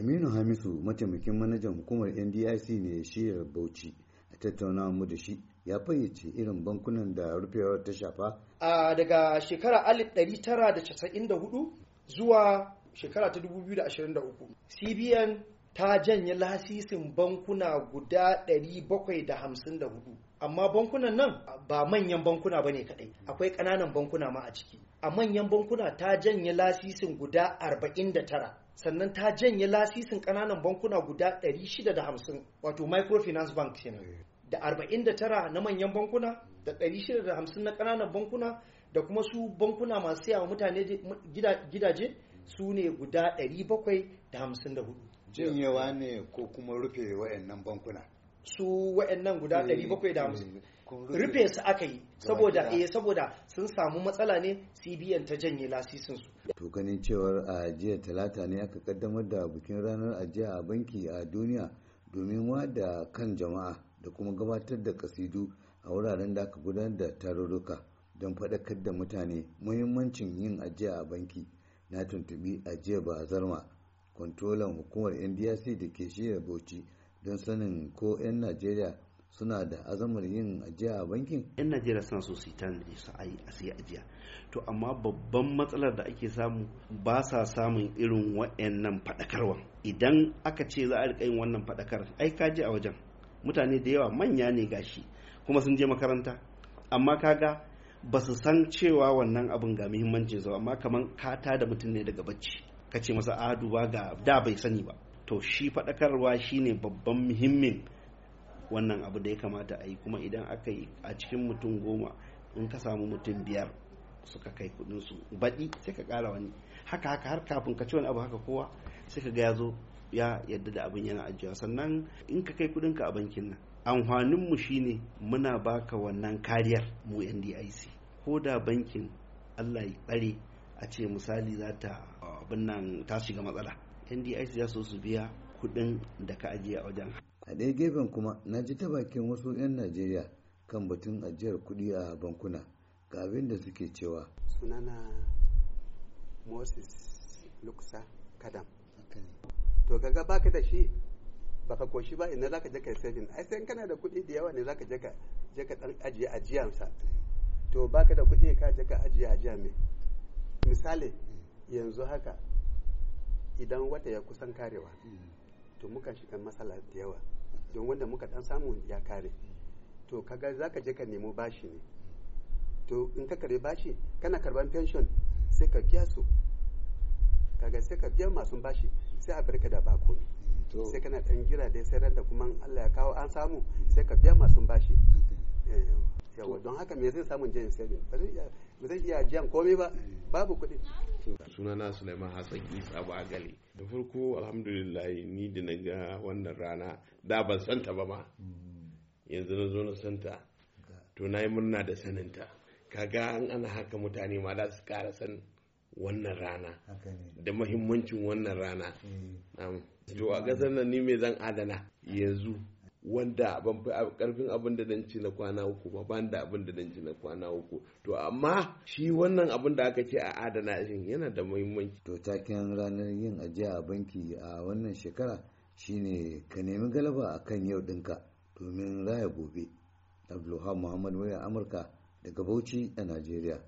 aminu hamisu mataimakin manajan hukumar ndic ne shirya bauchi a tattaunawa mu da shi ya fayyace irin bankunan da rufewar ta shafa a daga shekara 1994 zuwa shekara ta 2023 cbn ta janye lasisin bankuna guda 754 amma bankunan nan ba manyan bankuna ba ne kadai akwai ƙananan bankuna ma a ciki a manyan bankuna ta janye lasisin guda 49 sannan ta janye lasisin ƙananan bankuna guda 650 wato microfinance bank kenan eh. da 49 na manyan bankuna da 650 na ƙananan bankuna da kuma su bankuna masu yawa mutane gidaje su ne guda 754 janyewa ne ko kuma rufe wayannan bankuna su wa'annan guda 750 eh, rufe su aka yi saboda eh saboda sun samu matsala ne CBN ta janye lasisin su to ganin cewar a jiya talata ne aka kaddamar da bikin ranar ajiya a banki a duniya domin wada kan jama'a da kuma gabatar da kasidu a wuraren da aka gudanar da tarurruka don faɗakar da mutane muhimmancin yin ajiya a banki na tuntubi ajiya ba zarma kwantolan hukumar ndc da ke shirya bauchi don sanin ko 'yan najeriya suna da azamar yin ajiya a bankin? 'yan najeriya suna so su yi da su a sai ajiya to amma babban matsalar da ake samu ba sa samun irin wa'annan faɗakarwa idan aka ce za a riƙa yin wannan faɗakar ai ka je a wajen mutane da yawa manya ne gashi kuma sun je makaranta amma kaga ba su san cewa wannan abin ga muhimmancin sa amma kamar kata da mutum ne daga bacci ka ce masa a duba ga da bai sani ba to shi faɗakarwa shine babban muhimmin wannan abu da ya kamata a yi kuma idan aka yi a cikin mutum goma in ka samu mutum biyar suka kai kudin su baɗi sai ka ƙara wani haka haka har kafin ka ci wani abu haka kowa sai ka ga ya zo ya yadda da abin yana ajiya sannan in ka kai kudin ka a bankin nan amfanin mu shine muna baka wannan kariyar mu NDIC ko da bankin Allah ya tsare a ce misali za ta abin ta shiga matsala NDIC ya so su biya kuɗin da ka ajiye a wajen a ɗaya gefen kuma na ji ta bakin wasu 'yan najeriya kan batun ajiyar kuɗi a bankuna ga abin da suke cewa sunana moses Luxa kadam to kaga baka da shi baka koshi ba ina zaka je ka saving ai sai kana da kuɗi da yawa ne zaka je ka je ka dan ajiye ajiyansa to baka da kuɗi ka je ka ajiye ajiya me misali mm. yanzu haka idan wata ya kusan karewa to muka shiga matsala da yawa don wanda muka dan samu ya kare to kaga za ka je ka nemo bashi ne to in ka kare bashi kana karban pension sai ka biya su kaga sai ka biya masu bashi sai a barka da bako ne sai kana dan jira dai sai da kuma Allah ya kawo an samu sai ka biya masu bashi eh, yawa don haka me zai samun jin saving ba zai iya jiyan komai ba eh. babu kuɗi suna sunana Suleiman Hassan Isa Bagale da farko alhamdulillah ni da na ga wannan rana da ban santa ba ma mm. yanzu na zo na santa to na yi murna da saninta kaga an ana haka mutane ma za su kara san wannan rana da mahimmancin wannan rana eh. to a ƙasar nan ni me zan adana yanzu wanda ban fi karfin abin da nan ci na kwana uku ba ban da abin da nan ci na kwana uku to amma shi wannan abin da aka ce a adana shin yana da muhimmanci to taken ranar yin ajiya a banki a wannan shekara shine ka nemi galaba a kan yau ɗinka, domin raya gobe Abdulhamu Muhammad waya Amurka daga Bauchi a Najeriya